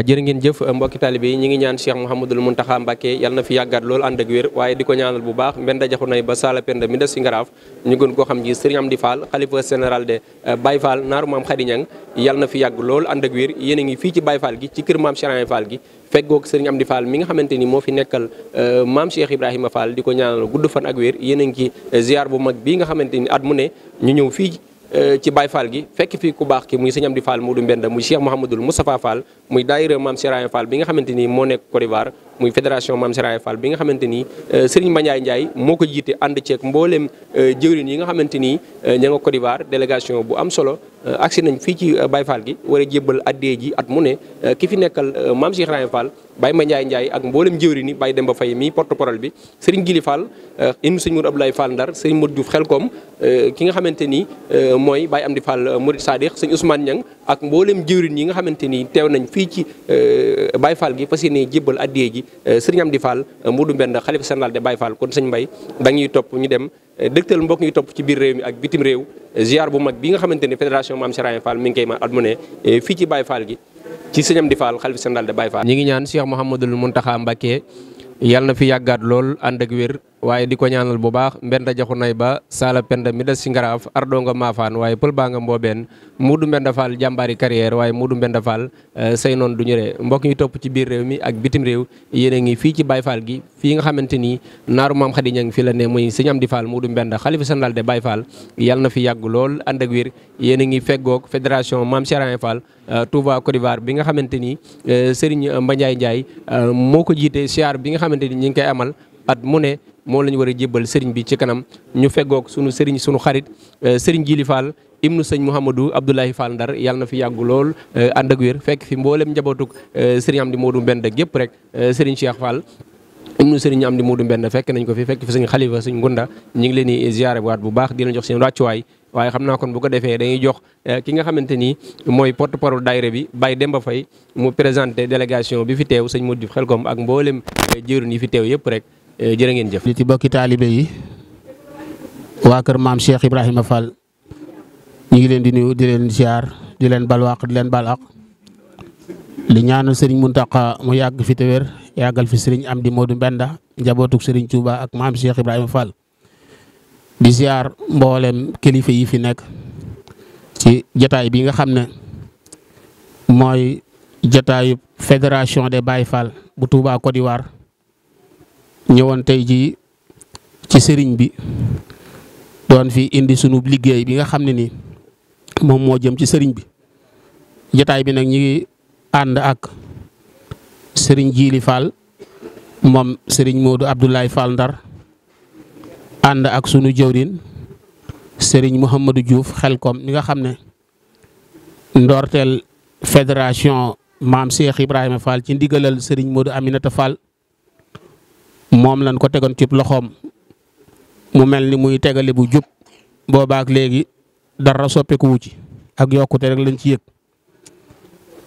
waaw jërë ngeen jëf mbokki taalibe yi ñu ngi ñaan Cheikh Mouhamadul Mountakha Mbacké yal na fi yàggaat loolu ànd ak wér waaye di ko ñaanal bu baax mben dajaxu nay ba sala penda mi des si ngaraaf ñu gën koo xam ji Serigne Amdi Fall xalifa général de euh, Baye Fall naaru maam Khady yal na fi yàgg loolu ànd ak wér yéen a ngi fii ci Baye Fall gi ci kër maam Cheikh Fall gi feggoog am di faal mi nga xamante ni moo fi nekkal euh, maam Cheikh Ibrahima Fall di ko ñaanal gudd fan ak yéen a ngi ci euh, bu mag bii nga xamante ni at mu ne ñu ñëw fii Euh, ci Baye Fall gi fekk fii ku baax ki muy sëñ Amdi Fall Modou Mbenda muy Cheikh Mouhamadul Moustapha Fall muy daayira Mame Seraye Fall bi nga xamante ni moo nekk Côte d'Ivoire muy fédération Mame Seraye Fall bi nga xamante ni euh, Serigne Mbandiaye Ndiaye moo ko jiite ànd ceeg mbooleem euh, jëwriñ yi nga xamante ni ña nga Côte d'Ivoire délégation bu am solo Euh, agsi nañ fii ci euh, Baye Fall gi war a jébbal addee ji at mu ne euh, ki fi nekkal maam Cheikh Ibrahima Fall Baye ma Ndiaye Ndiaye ak mbooleem jëwri ni Baye Demba Faye mii porte parole bi Serigne Gili Fall indi sëñ Mour Abdoulaye Fall Ndar sëñ Mour Diouf xelkoom ki nga xamante ni mooy Baye Amdi Fall Mourid Sadikh sëñ Ousmane Niang ak mboolem jëwrin yi nga xamante ni teew nañ fii ci Baye Fall gi fas yéene jébbal addee ji Serigne Amdi Fall Modou Mbend xalifa général de Baye Fall kon sëñ Mbaye dañuy topp ñu dem dëgtal mbokk ñuy topp ci biir réew mi ak bitim réew ziar bu mag bi nga xamante ni fédération fondation Maam Cheikh Ibra Fall mi ngi koy ma at mu ne eh, fii ci Baye Fall gi ci sëñam di Fall xalifa général de Baye Fall. ñi ngi ñaan Cheikh Mouhamadul Mountakha Mbacké yàlla na fi yàggaat lool ànd ak wér waaye di ko ñaanal bu baax mbenda jaxu nay ba sala pend mi des ci ngaraaf ardonga maafaan waaye pël baa nga mboobeen muudu mbenda fall jàmbaari carrière waaye muudu mbenda fall euh, say noonu du ñu ree mbokk ñu topp ci biir réew mi ak bitim réew yéen ngi fii ci Baye Fall gi fii nga xamante ni naaru maam Khady Niang fi la ne muy sëñ Amdi Fall muudu mbenda xalifa général de Baye Fall yàlla na fi yàgg lool ànd ak wér yéen a ngi feggoog fédération maam Serigne Fall euh, Touba Côte d'Ivoire bi nga xamante ni euh, Serigne Mbandiaye moo ko jiite siyaar bi nga xamante ni ñi ngi koy amal at mu ne moom la ñu war a jébbal sëriñ bi ci kanam ñu feggoog sunu sëriñ sunu xarit euh, sëriñ Jili Fall ibnu sëñ Mouhamadou Abdoulaye Fall Ndar yàlla na fi yàgg lool euh, ànd ak wér fekk fi mboolem njabootuk euh, sëriñ Amdi Modou Mbend ak yëpp rek sëriñ Cheikh Fall. ibnu sëriñ Amdi Modou Mbend fekk nañ ko fi fekk fi sëñ Xalifa sëñ Ngunda ñu ngi leen di ziare waat bu baax di jox seen wàccuwaay waaye xam naa kon bu ko defee dañuy jox ki nga xamante ni mooy porte parole daayira bi Baye Demba fay mu présenté délégation bi fi teew sëñ Modou Diouf Xelkom ak mboolem jëwriñ yi fi teew yëpp rek Eh, jërë ngeen jëf. ci bokki taalibe yi waa maam Cheikh Ibrahima Fall ñu ngi leen di nuyu di leen ziar di leen balwaaq di leen balaq li ñaanal Serigne Mountakha mu yàgg fi te wér yàggal fi Serigne Amdi Modou Mbenda njabootug Serigne Touba ak maam Cheikh Ibrahima Fall. di ziar mboolem kilifa yi fi nekk ci jataay bi nga xam ne mooy jataayu fédération des Baye Fall bu Touba Côte d'Ivoire. ñëwoon tey jii ci sëriñ bi doon fi indi sunu liggéey bi nga xam ne nii moom moo jëm ci sëriñ bi jotaay bi nag ñi ngi ànd ak sëriñ Jili Fall moom sëriñ Modou Abdoulaye Fall Ndar ànd ak sunu jëwrin sëriñ Mouhamadou Diouf xelkom mi nga xam ne ndoorteel fédération maam Cheikh Ibrahima Fall ci ndigalal sëriñ Modou Aminata Fall. moom lañ ko tegoon ci loxoom mu mel ni muy tegale bu jub boobaak léegi dara soppikuwu ci ak yokkute rek lañ ci yëg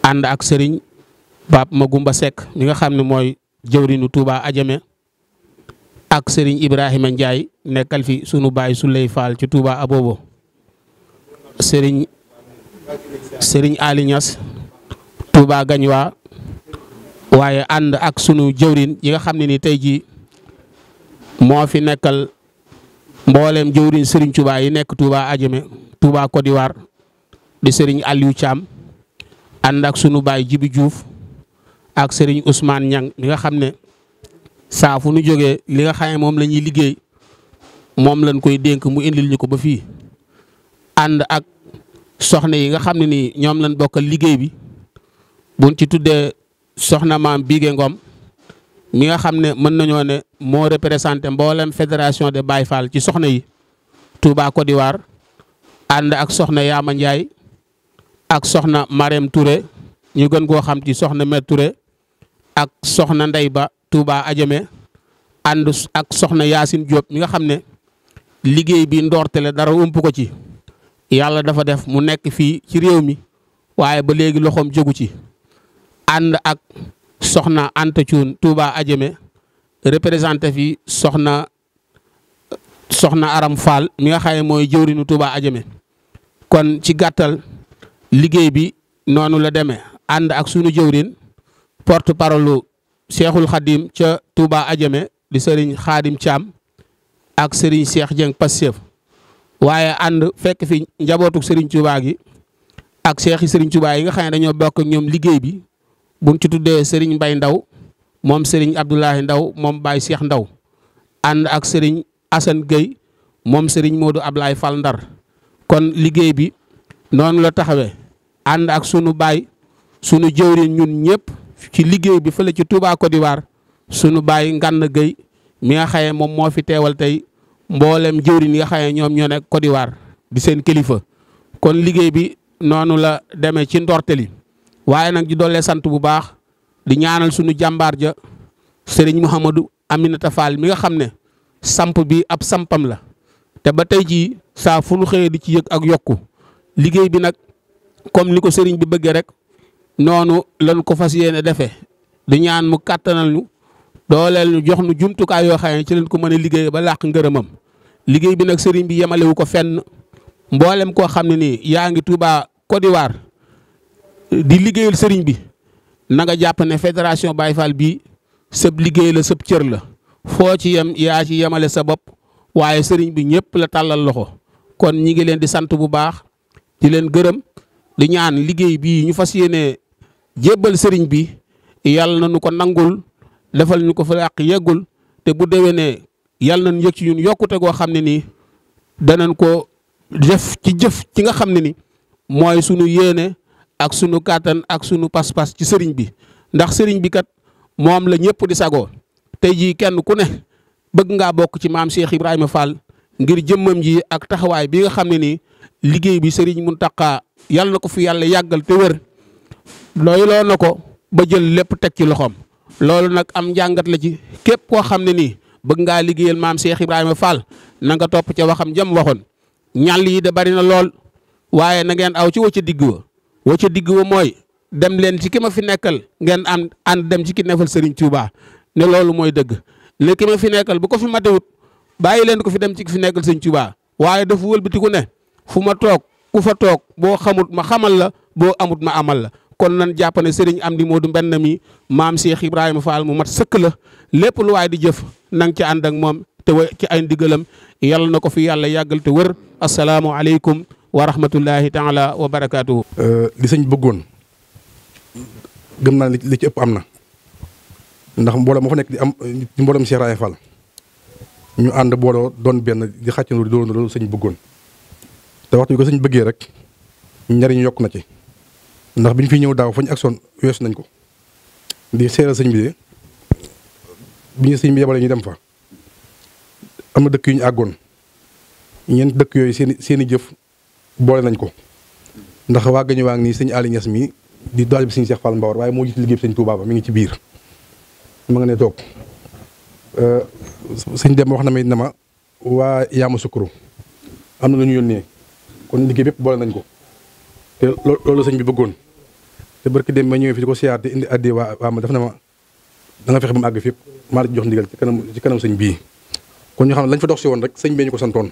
ànd ak sëriñ Pape Magumba sekk mi nga xam ne mooy jëwriñu tuuba Adjamé ak sëriñ Ibrahima Ndiaye nekkal fi sunu baay su Souley Fall ci Touba Abobo sëriñ sëriñ Ali Niass Touba Gañwa waaye ànd ak sunu jëwriñ yi xam ne ni tey jii moo fi nekkal mboolem jëwriñ sëriñ Touba yi nekk Touba Adjamé Touba Côte di sëriñ Aliou Thiam ànd ak sunu baay Jibi Diouf ak sëriñ Ousmane Niang mi nga xam ne saafu fu nu jógee li nga xam moom la ñuy liggéey moom lañ koy dénk mu indil ñu ko ba fii ànd ak soxna yi nga xam ne nii ñoom lañ bokkal liggéey bi buñ ci tuddee soxna maam Bigé Ngom mi nga xam ne mën nañoo ne moo représenté mboolem fédération de Baye ci soxna yi Touba Côte d'Ivoire ànd ak soxna Yaama Ndiaye ak soxna Marème Touré ñu gën koo xam ci soxna Mère Touré ak soxna Ndey Ba Touba ajame ànd ak soxna Yacine Diop mi nga xam ne liggéey bi ndoortele dara ump ko ci yàlla dafa def mu nekk fii ci réew mi waaye ba léegi loxoom jógu ci ànd ak soxna Anta Thioune Touba Adjeme représenté fi soxna soxna Aram Fall mi nga xam mooy jëwriñu Touba Adjeme kon ci gàttal liggéey bi noonu la demee ànd ak sunu jëwriñ porte parole Cheikhul Khadim ca Touba Adjeme di Serigne Khadim Thiam ak Serigne Cheikh Dieng Passef waaye ànd fekk fi njabootuk Serigne Touba gi ak Cheikh Serigne Touba yi nga xam ne dañoo bokk ak ñoom liggéey bi. bu ci tuddee Serigne Mbaye Ndaw moom Serigne Abdoulahi Ndaw moom Baye Cheikh Ndaw ànd ak Serigne Assane Gueye moom Serigne Modou Ablaye fal Ndar kon liggéey bi noonu la taxawee ànd ak sunu baay sunu jëwriñ ñun ñëpp ci liggéey bi fële ci Touba Côte sunu baay Ngana Gueye mi nga xaye moom moo fi teewal tey mboolem jëwriñ yi nga xaye ñoom ñoo nekk Côte d'Ivoire di seen kilifa kon liggéey bi noonu la demee ci li waaye nag di doole sant bu baax di ñaanal suñu jàmbaar ja sëriñ Mouhamadou Aminata Fall mi nga xam ne samp bi ab sampam la te ba tey jii saa fu nu xëyee di ci yëg ak yokku liggéey bi nag comme li ko sëriñ bi bëggee rek noonu lañ ko fas yéene defee di ñaan mu kàttanal ñu dooleel nu jox nu jumtukaay yoo xam ne ci leen ko mën a liggéey ba làq ngërëmam liggéey bi nag sëriñ bi yemalewu ko fenn mboolem koo xam ne nii yaa ngi tubaa Côte di liggéeyal sëriñ bi nanga jàpp ne fédération bay Fall bii sëb liggéey la sëb cër la foo ci yem yaa ci yemale sa bopp waaye sëriñ bi ñëpp la tàllal loxo kon ñi ngi leen di sant bu baax di leen gërëm di ñaan liggéey bi ñu fas yéenee jébbal sëriñ bi yàlla na nu ko nangul defal ñu ko fa àq yeggul te bu déwénee yàlla nañu yëg ci ñun yokkute goo xam ne nii danañ ko def ci jëf ci nga xam ne ni mooy sunu yéene ak sunu kàttan ak sunu pas ci sëriñ bi ndax sëriñ bi kat moom la ñëpp di sagoo tey jii kenn ku ne bëgg nga bokk ci maam Cheikh Ibrahima Fall ngir jëmmam ji ak taxawaay bi nga xam ne nii liggéey bi sëriñ mun Mountakha yàlla na ko fi yàlla yàggal te wér looyloo na ko ba jël lépp teg ci loxoom loolu nag am njàngat la ci képp koo xam ne nii bëgg ngaa liggéeyal maam Cheikh Ibrahima Fall na nga topp ca waxam jëm waxoon ñàll yi de bari na lool waaye na ngeen aw ci wa ca digg wa mooy dem leen ci ki ma fi nekkal ngeen ànd an dem ci ki nefal Serigne Touba ne loolu mooy dëgg léegi ki fi nekkal bu ko fi matewut bàyyi leen ko fi dem ci ki fi nekkal Serigne Touba waaye dafa wëlbatiku ne fu ma toog ku fa toog boo xamut ma xamal la boo amut ma amal la kon nan jàpp ne Serigne Amdi Modou Mbenn mi maam Cheikh Ibrahima faal mu mat sëkk la lépp lu waay di jëf nan ci ànd ak moom te ci ay ndigalam yàlla na ko fi yàlla yàggal te wër wa rahmatullahi taala wa barakaatuhu. Euh, li sëñ bëggoon gëm naa li ci ëpp am na ndax mbooloo moo fa nekk di am mbooloom Cheikh Raye Fall ñu ànd booloo doon benn di xàccandoo di doon loolu sëñ bëggoon te waxtu ko sëñ bëggee rek njariñ yokk na ci ndax biñ fi ñëw daaw fañ aksoon weesu nañ ko di seeral sëñ bi de bi ñu sëñ bi yabalee ñu dem fa am na dëkk yu ñu àggoon ñeent dëkk yooyu seen i jëf. boole nañ ko ndax waa gañu waa ngi nii sëñ Aliou Niass mi di doole bi sëñ Cheikh Fall Mbawar waaye moo jiite liggéey bi sëñ Touba ba mi ngi ci biir ma nga ne toog euh, sëñ dem wax na may na ma waa Yaama Sukuru am na lu ñu yónnee kon liggéey bépp boole nañ ko te loolu sëñ bi bëggoon te barki dem ma ñëwee fi di ko siyaar te indi addi waa ma def na ma da nga fexe ba mu àgg fépp maa la jox ndigal ci kanam ci kanam bii kon ñoo xam ne lañ fa dox si woon rek sëñ bee ñu ko santoon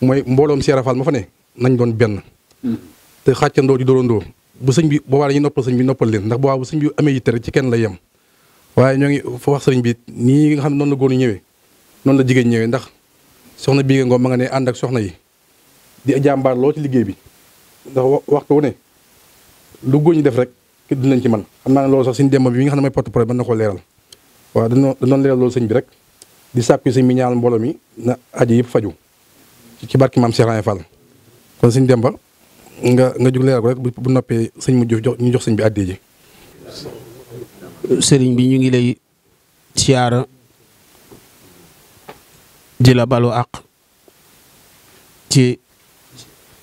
mooy mbooloom Cheikh Fall ma fa ne nañ doon benn hmm. te xàccandoo di dóorandoo bu sëñ bi boobaa dañuy noppal sëñ bi noppal leen ndax boobaa bu amee yitte ci kenn la yem waaye ñoo ngi fa wax sëriñ bi nii nga xam noon noonu la góor ñëwee noonu la jigéen ñëwee ndax soxna bii nga ma nga ne ànd ak soxna yi di jàmbaar loo ci liggéey bi ndax waxtu wu ne lu góor ñi def rek di dinañ ci man xam naa ne loolu sax suñu démb bi nga xam ne mooy porte-parole mën na koo leeral waaw dañoo dañoon leeral loolu sëñ bi rek di sàkku sëñ mi ñaanal mbooloo mi na aji yëpp faju ci barki maam Cheikh Fall kon sëñ Demba nga nga jóg rek bu noppee sëñ mu jox ñu jox sëñ bi àddee ji. sëriñ bi ñu ngi lay siyaara di la balu àq ci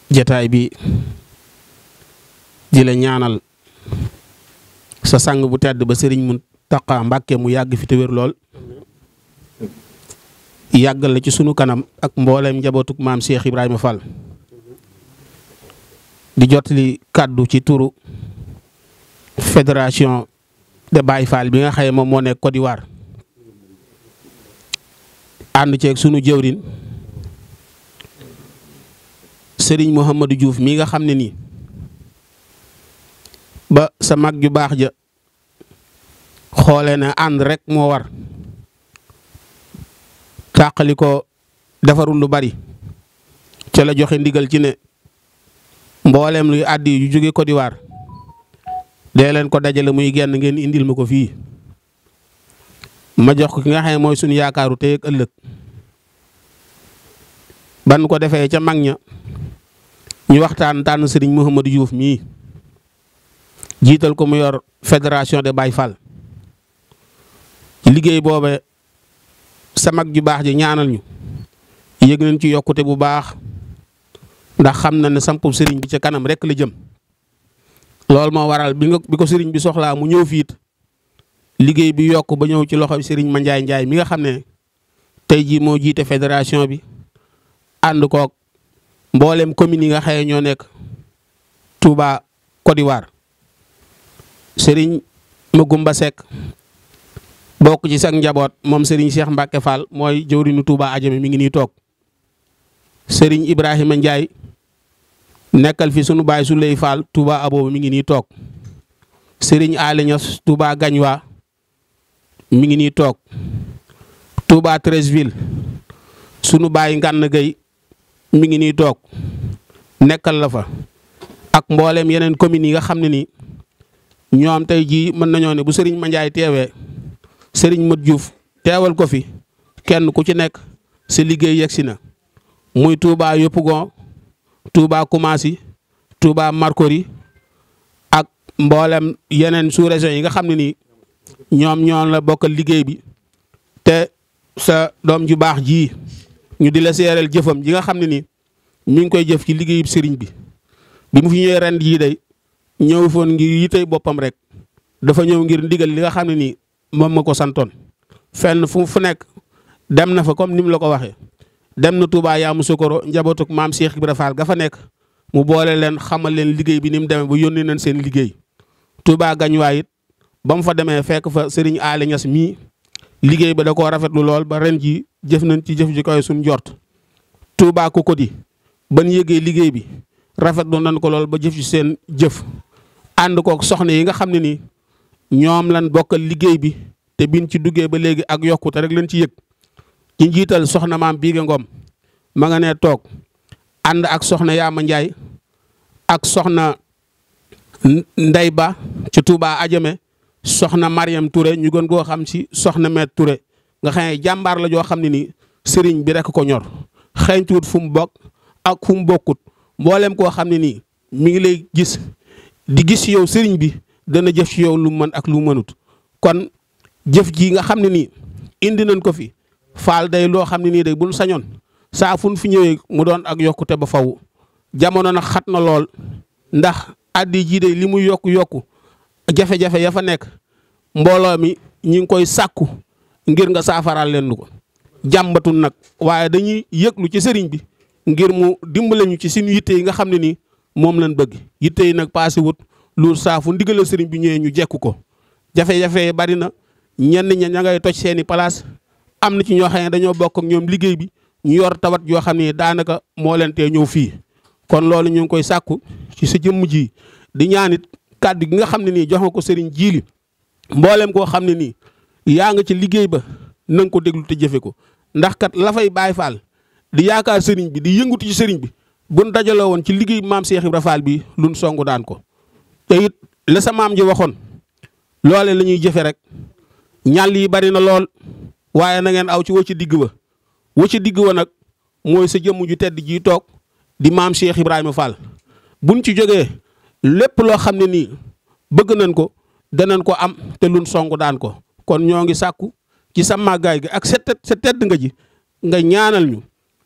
jataay bi di ñaanal sa sang bu tedd ba sëriñ mu taqa Mbàkke mu yàgg fi te wér lool yàggal la ci sunu kanam ak mbooleem njabootug maam Cheikh Ibrahima Fall. di jotli kàddu ci turu fédération de Baye Fall bi nga xaye moom moo nekk Côte d'Ivoire ànd ceeg sunu jëwrin sëriñ Mouhamadou juuf mii nga xam ne nii ba sa mag ju baax ja xoolee ne ànd rek moo war tàqali ko defarul lu bari ca joxe ndigal ci ne mboolem luy àddi yu jóge Côte d'Ivoire dee leen ko dajale muy genn ngeen indil ma ko fii ma jox ki nga xam ne mooy suñu yaakaaru tey ak ëllëg ban ko defee ca mag ña ñu waxtaan tànn sëriñ Mouhamadou Diouf mii jiital ko mu yor fédération de Baye Fall liggéey boobe sa mag ju baax ji ñaanal ñu yëg nañ ci yokkute bu baax ndax xam na ne sampub sëriñ bi ca kanam rek la jëm loolu moo waral bi nga ko sëriñ bi soxlaa mu ñëw fiit liggéey bi yokk ba ñëw ci loxo sëriñ ma njaay njaay mi nga xam ne tey jii moo jiite fédération bi ànd koog mboolem commune yi nga xëye ñoo nekk Touba Côte d'Ivoire sëriñ Magumba Seck bokk ci sax njaboot moom sëriñ Cheikh mbake Fall mooy jëwriñu Touba Adjamé mi ngi nii toog sëriñ Ibrahima Ndiaye nekkal fi sunu baay su lay faal Touba abooba mi ngi nii toog Serigne Aly Niass Touba Gañwa mi ngi nii toog Touba Treichville sunu baay Ngànn Gay mi ngi nii toog nekkal la fa ak mboolem yeneen communes yi nga xam ne ni ñoom tey jii mën nañoo ne bu sëriñ Mandiaye teewee sëriñ Mat Diouf teewal ko fi kenn ku ci nekk sa liggéey yegsi na muy Touba yëpp gon Touba Koumassi Touba Marcory ak mboolem yeneen sous-région yi nga xam ne nii ñoom ñoo la bokkal liggéey bi te sa doom ju baax ji ñu di la seereel jëfam ji nga xam ne nii mi ngi koy jëf ci liggéeyub sëriñ bi bi mu fi ñëwee ren jii day ñëw foon ngir yitey boppam rek dafa ñëw ngir ndigal li nga xam ne nii moom ma ko santoon fenn fu fu nekk dem na fa comme ni la ko waxee. dem na Touba Yamou Sokoro njabootuk maam Cheikh Ibra Fall ga fa nekk mu boole leen xamal leen liggéey bi ni mu demee ba yónnee nañ seen liggéey Touba gañuwaayit it ba mu fa demee fekk fa Serigne Aly Niass mii liggéey ba da koo lu lool ba ren jëf nañ ci jëf ji koy suñ jort Touba Kokodi ban yëgee liggéey bi rafetlu nañ ko lool ba jëf ci seen jëf ànd kook soxna yi nga xam ne nii ñoom lan bokkal liggéey bi te biñ ci duggee ba léegi ak yokkute rek lañ ci yëg. ci njiital soxna maam Biige Ngom ma nga ne toog ànd ak soxna Yaama Njaay ak soxna Ndey Ba ci Touba Adjamé soxna Mariam Touré ñu gën koo xam si soxna Met Touré nga xam ne jàmbaar la joo xam ne nii sëriñ bi rek ko ñor xeeñtuut fu mu bokk ak fu mu bokkut mboolem koo xam ne nii mi ngi lay gis di gis yow sëriñ bi dana jëf ci yow lu mën ak lu mënut kon jëf ji nga xam ne nii indi nañ ko fi faal day loo xam ne nii day buñ sañoon saa fi ñëwee mu doon ak yokkute ba faw jamono nag xat na lool ndax addi jii day li muy yokk yokku jafe-jafe ya fa nekk mbooloo mi ñi ngi koy sàkku ngir nga saafaraal leen ko jàmbatul nag waaye dañuy yëglu ci sëriñ bi ngir mu dimbale ci suñu yitte yi nga xam ne nii moom lañ bëgg yitte yi nag paase wut lu saafu ndigale sëriñ bi ñëwee ñu jekku ko jafe bari na ñenn ña ña ngay toj seeni place am na ci ñoo xam ne dañoo bokk ak ñoom liggéey bi ñu yor tawat yoo xam ne daanaka moo leen ñëw fii kon loolu ñu ngi koy sàkku ci sa jëmm ji di ñaanit kàddu gi nga xam ne nii jox ko sëriñ jiili mboolem koo xam ne nii yaa nga ci liggéey ba na ko déglu te jëfe ko ndax kat la fay Baay Faal di yaakaar sëriñ bi di yëngutu ci sëriñ bi buñ dajaloo woon ci liggéey maam Cheikh Ibra Fall bi luñ songu daan ko te it la sa maam ji waxoon loole la ñuy jëfe rek ñal yi bari na lool waaye na ngeen aw ci wa ci digg ba wa ci digg wa nag mooy sa jëmm ju tedd ji toog di maam Cheikh Ibrahima Fall buñ ci jógee lépp loo xam ne nii bëgg nañ ko danañ ko am te luñ song daan ko kon ñoo ngi sàkku ci sa màggaay gi ak sa sa tedd nga ji nga ñaanal ñu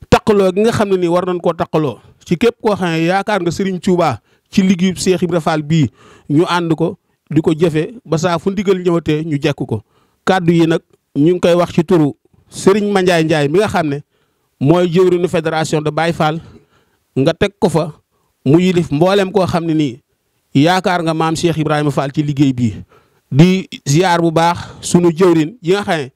taqaloo gi nga xam ne nii war nañ koo taqaloo ci képp ko xam ne yaakaar nga Serigne Touba ci liggéeyu Cheikh Ibrahima Fall bii ñu ànd ko di ko jëfe ba saa fu ndigal ñëwatee ñu jekk ko kàddu yi nag ñu ngi koy wax ci turu Serigne Mandiaye Ndiaye mi nga xam ne mooy jëwriñu fédération de baay Fall nga teg ko fa mu yilif mboolem koo xam ne nii yaakaar nga maam Cheikh Ibrahima Fall ci liggéey bi di ziar bu baax sunu jëwriñ yi nga xam ne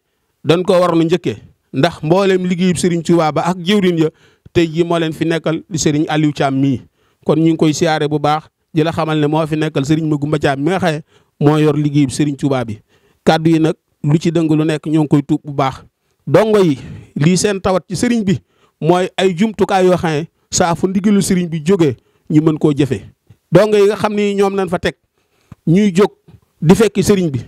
dañ koo waroon a njëkkee ndax mboolem liggéeyub Serigne Touba ba ak jëwriñ ya tey jii moo leen fi nekkal di Serigne Aliou Thiam mii kon ñu ngi koy siyaare bu baax di la xamal ne moo fi nekkal Serigne Magoumba Thiam mi nga xam ne moo yor liggéeyub Serigne Touba bi. kàddu yi nag lu ci dëng lu nekk ñoo ngi koy tuub bu baax dongo yi lii seen tawat ci sëriñ bi mooy ay jumtukaay yoo xam ne saa fu sëriñ bi jógee ñu mën koo jëfe dongo yi nga xam ni ñoom lañ fa teg ñuy jóg di fekki sëriñ bi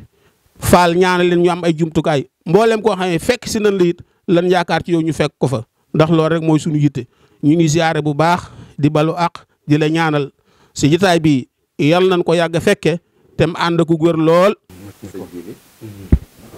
faal ñaana leen ñu am ay jumtukaay mboolem koo xam ne fekk si nañ la lan yaakaar ci yow ñu fekk ko fa ndax loolu rek mooy suñu yitte ñu ngi si ziare bu baax di balu àq di la ñaanal si jotaay bi yal nañ ko yàgg fekkee tem ànd ak wér lool.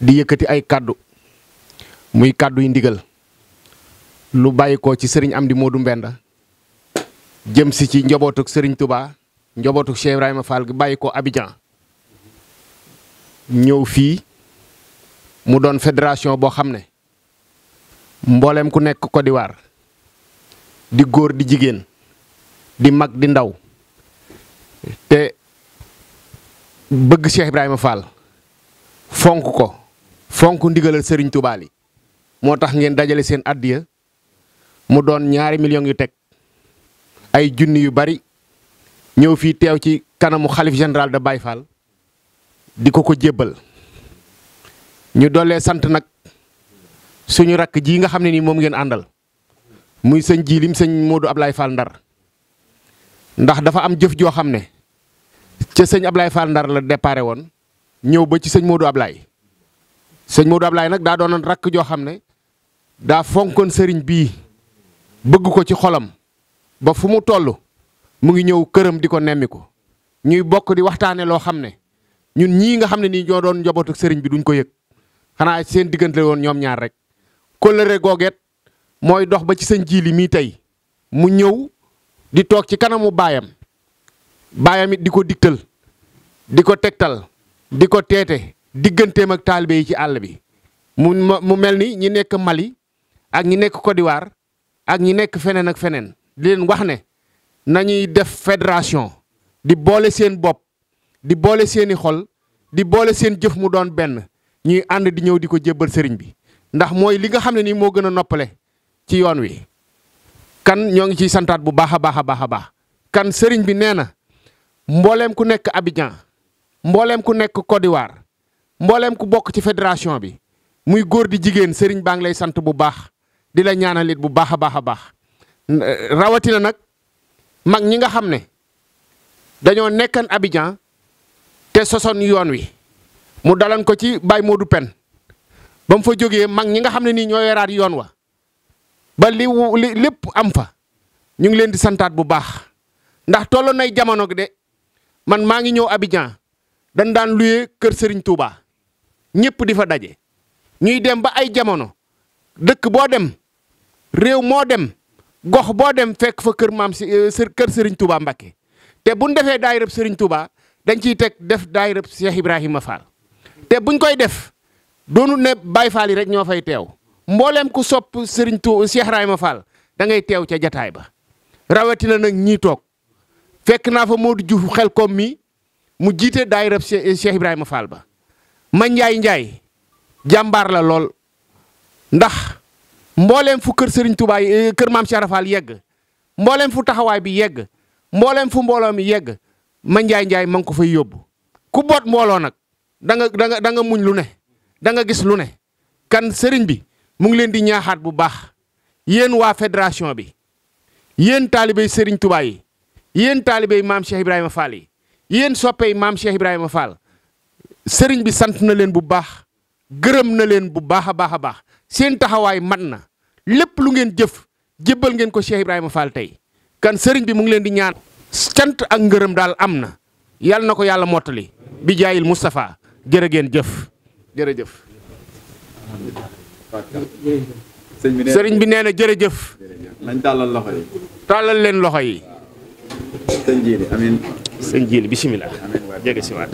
di yëkkati ay kàddu muy kàddu yu ndigal lu bàyyi ko ci sëriñ am di Modou Mbenda jëm si ci njobootuk sëriñ Touba njobootuk Cheikh Ibrahima Fall bàyyi ko Abidjan ñëw fii mu doon fédération boo xam ne mbooleem ku nekk Côte d'Ivoire di góor di jigéen di mag di ndaw te bëgg Cheikh Ibrahima Fall fonk ko fonk ndigalal sëriñ Tuubaa moo tax ngeen dajale seen addiya mu doon ñaari million yu teg ay junni yu bari ñëw fii teew ci kanamu xalif général de Baye Fall di ko ko jébbal ñu doolee sant nag suñu rakk ji nga xam ne nii moom ngeen àndal muy sëñ ji lim sëñ Modou Ablaye Fall Ndar ndax dafa am jëf joo xam ne ca sëñ Ablaye Fall Ndar la déparé woon ñëw ba ci sëñ Modou Ablaye sëñ Modou Ablaye nag daa doonoon rakk joo xam ne daa fonkoon sëriñ bii bëgg ko ci xolam ba fu mu toll mu ngi ñëw këram di ko nemmi ko ñuy bokk di waxtaane loo xam ne ñun ñii nga xam ne nii ñoo doon njabootu sëriñ bi duñ ko yëg xanaa seen diggante woon ñoom ñaar rek. kóllëre googeet mooy dox ba ci sëñ jiili mii tey mu ñëw di toog ci kanamu baayam baayam it di ko digtal di ko tegtal di ko teete digganteem ak taalibe ci àll bi mu mu mel ni ñi nekk Mali ak ñi nekk Côte ak ñi nekk feneen ak feneen di leen wax ne nañuy def fédération di boole seen bopp di boole seeni xol di boole seen jëf mu doon benn ñuy ànd di ñëw di ko jébbal sëriñ bi ndax mooy li nga xam ne nii moo gën a noppale ci yoon wi kan ñoo ngi ciy santaat bu baax a baax a baax a baax kan sëriñ bi nee na mbooleem ku nekk Abidjan mbooleem ku nekk Côte mbooleem ku bokk ci fédération bi muy góor di jigéen sëriñ baa ngi lay sant bu baax di la ñaanalit bu baax a baax a baax eh, rawatina nag mag ñi nga xam ne dañoo nekkan Abidjan te sosoon yoon wi mu dalan ko ci moo du Pen ba mu fa jógee mag ñi nga xam ne nii ñoo yaraat yoon wa ba li li am fa ñu ngi leen di santaat bu baax ndax tolloon nay jamono de man maa ngi ñëw Abidjan dañ daan luyee kër Serigne Touba ñëpp di fa daje ñuy dem ba ay jamono dëkk boo dem réew moo dem gox boo dem fekk fa kër maam si euh, kër Serigne Touba Mbakke te buñ defee daayirab Serigne Touba dañ ciy teg def daayirab Cheikh Ibrahima Fall te buñ koy def doonu ne bay Fall rek ñoo fay teew mbooleem ku sopp Serigne Touba Cheikh Ibrahima Fall da ngay teew ca jataay ba rawatina nag ñii toog fekk naa fa Modou Diouf xel koom mi mu jiite daayirab Cheikh Ibrahima Fall ba. ma njaay njaay jàmbaar la lool ndax mbooleem fu kër Serigne Touba eh, kër maam Cheikh Rafal yegg mbooleem fu taxawaay bi yegg mbooleem fu mbooloo mi yegg ma njaay njaay ma ngi ko fay yóbbu ku boot mbooloo nag da nga da muñ lu ne da nga gis lu ne kan sëriñ bi mu ngi leen di ñaaxaat bu baax yéen waa fédération bi yéen taalibey Serigne Touba yi yéen taalibey maam Cheikh Ibrahima Fall yi yéen soppey maam Cheikh Ibrahima Fall. sëriñ bi sant na leen bu baax gërëm na leen bu baax a baax a baax seen taxawaay mat na lépp lu ngeen jëf jébbal ngeen ko Cheikh Ibrahima Fall tey kan sëriñ bi mu ngi leen di ñaan cant ak ngërëm daal am na yàlla na ko yàlla mottali bi jaayil Moustapha jërë ngeen jëf jërëjëf sëriñ bi nee na jërëjëf nañ tàllal loxo tàllal leen loxo yi sëñ Jili amiin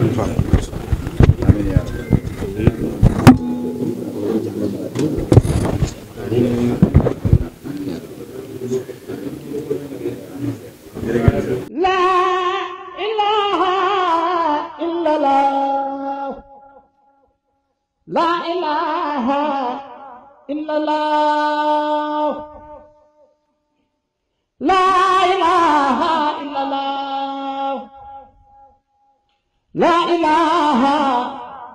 La ilaha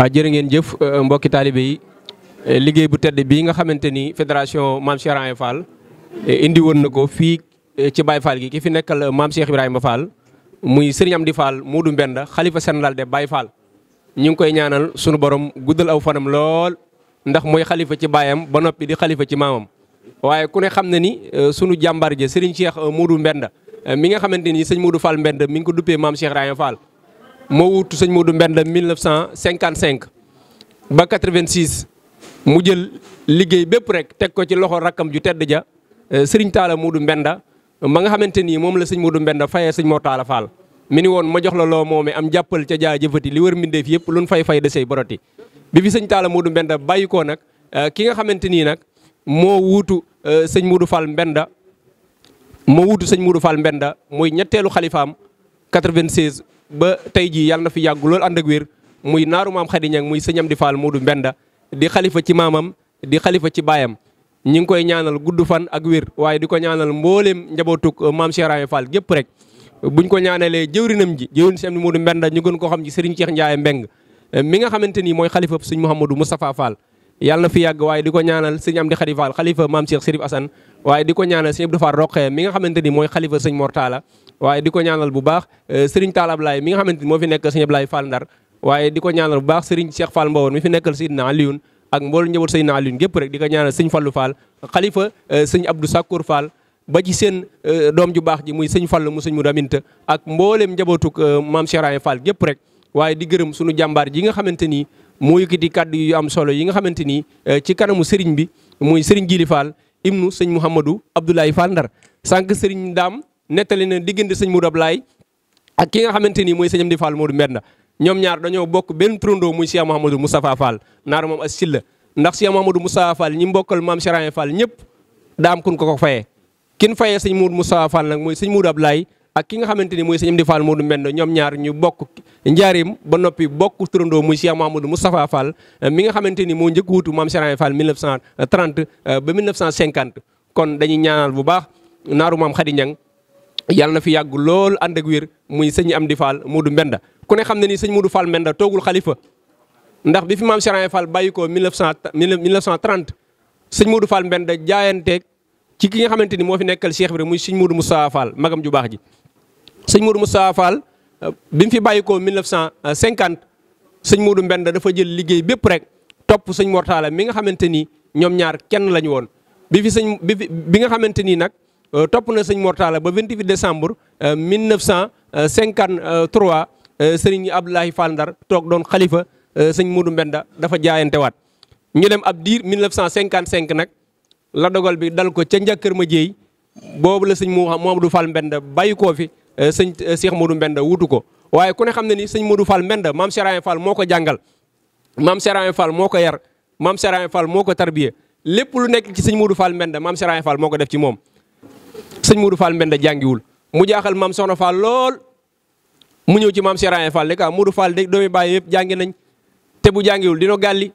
waaw jërë ngeen jëf euh, mbokki taalibe yi euh, liggéey bu tedd bii nga xamante ni fédération Mame Cheikh Ibrahima Fall euh, indi woon na ko fii ci Baye Fall gi ki fi nekkal Mame Cheikh Ibrahima Fall muy Serigne Amdi Fall Modou Mbenda xalifa général de Baye Fall ñu ngi koy ñaanal sunu borom guddal aw fanam lool ndax mooy xalifa ci baayam ba noppi di xalifa ci maamam waaye ku ne xam ne ni sunu jàmbaar ja Serigne Cheikh Modou Mbenda mi nga xamante ni sëñ Modou Fall Mbenda mi ngi ko duppee moo wuutu sëñ Modou Mbenda 1955 ba 86 mu jël liggéey bépp rek teg ko ci loxo rakkam ju tedd ja euh, sëriñ Talla Modou Mbenda ma nga xamante nii moom la sëñ Modou Mbenda fayee sëñ Mor Talla Fall. mi ni woon ma jox la loo moomee am jàppal ca jaa jëfati li wër mbindeef yëpp lu nu fay fay desey boroti bi fi sëñ Talla Modou Mbenda bàyyi ko nag euh, ki nga xamante nii nag moo wuutu euh, sëñ Modou Fall Mbenda moo wuutu sëñ Modou Fall mooy ñetteelu xalifaam 96. ba tey jii yàlla na fi yàgg loolu ànd ak wér muy naaru maam Khady Niang muy sëñam di Fall du Mbenda di xalifa ci maamam di xalifa ci baayam ñi ngi koy ñaanal gudd fan ak wér waaye di ko ñaanal mbooleem njabootug euh, maam Cheikh Ibrahima Fall gépp rek ñu ko ñaanalee jëwrinam ji jëwrin si am ni Modou Mbenda ñu gën ko xam ci Serigne ceex Ndiaye Mbeng euh, mi nga xamante ni mooy xalifa suñ Mouhamadou Moustapha Fall yàlla na fi yàgg waaye di ko ñaanal sëñ am di Khady Fall xalifa maam Cheikh Sérif Assane waaye di ko ñaanal sëñ Abdou Fall Roqe mi nga xamante ni mooy xalifa sëñ Mor waaye di ko ñaanal bu baax euh, sëriñ Talla Ablaye mi nga xamante ni moo fi nekk sëñ Ablaye Fall Ndar waaye di ko ñaanal bu baax sëriñ Cheikh Fall Mbawoon mi fi nekkal Seydina Alioune ak mboolu njëwat Seydina Alioune gépp rek di ko ñaanal sëñ Fallou Fall euh, sëñ Abdou Sakour Fall ba ci seen euh, doom ju baax ji muy sëñ Fallou mu sëñ mu daminta ak mbooleem njabootuk maam Cheikh Rahim gépp rek waaye di gërëm suñu jàmbaar ji nga xamante ni moo yëkkati kàddu yu am solo yi nga xamante ni ci kanamu sëriñ bi muy sëriñ Jili Fall ibnu sëñ Mouhamadou Abdoulaye Fall Ndar sànq sëriñ daam nettali na diggante sëñ Modou laay ak ki nga xamante ni mooy sëñ Amdi Fall Modou Mbenda ñoom ñaar dañoo bokk benn turandoo muy Cheikh Mouhamadou Moustapha Fall naar moom a silla ndax Cheikh Mouhamadou Moustapha Fall ñi mbokkal maam Chérien Fall ñëpp daam kun ko ko fayee kin fayee sëñ Modou Moustapha Fall nag mooy sëñ Modou laay ak ki nga xamante ni mooy sëñ Amdi Fall Modou Mbend ñoom ñaar ñu bokk njaarim ba noppi bokk turandoo muy Cheikh Mahamadou Moustapha Fall eh, mi nga xamante ni moo njëkk wuutu maam Serigne Fall 1930 eh, ba 1950 kon dañuy ñaanal bu baax naaru maam Khady Niang yàlla na fi yàgg lool ànd ak wér muy sëñ Amdi Fall Modou mbend ku ne xam ne ni sëñ Modou Fall Mbenda toogul xalifa ndax bi fi maam Serigne Fall bàyyi ko 1900 1930 sëñ Modou Fall Mbenda jaayanteeg ci ki nga xamante ni moo fi nekkal Cheikh bi rek muy sëñ Modou Moustapha Fall magam ju baax ji sëñ Modou Moustapha Fall euh, bi mu fi bàyyikoo 1950 sëñ Modou Mbenda dafa jël liggéey bépp rek topp sëñ Mortala mi nga xamante ni ñoom ñaar kenn lañu woon. bi fi sëñ bi bi nga xamante ni nag euh, topp na sëñ Mortala ba 28 décembre 1953 euh, sëriñ Abdoulaye Fall Ndar toog doon xalifa sëñ Modou Mbenda dafa jaayante waat ñu dem ab diir 1955 nag la dogal bi dal ko ca njëkkër ma jéey boobu la sëñ Mouhamadou Fall Mbenda bàyyi koo fi Euh, sëñ euh, Cheikh Modou Mbenda wutu ko waaye ku ne xam ne ni sëñ Modou Fall Mbenda maam Serigne Fall moo ko jàngal maam Serigne Fall moo ko yar maam Serigne Fall moo ko tarbiye lépp lu nekk ci sëñ Modou Fall Mbenda maam Serigne Fall moo ko def ci moom sëñ Modou Fall Mbenda jàngiwul mu jaaxal mam Soxna Fall lool mu ñëw ci maam Serigne Fall ne ko ah, Modou Fall de doomi bàyyi yëpp jàngi nañ te bu jàngiwul dina gàlli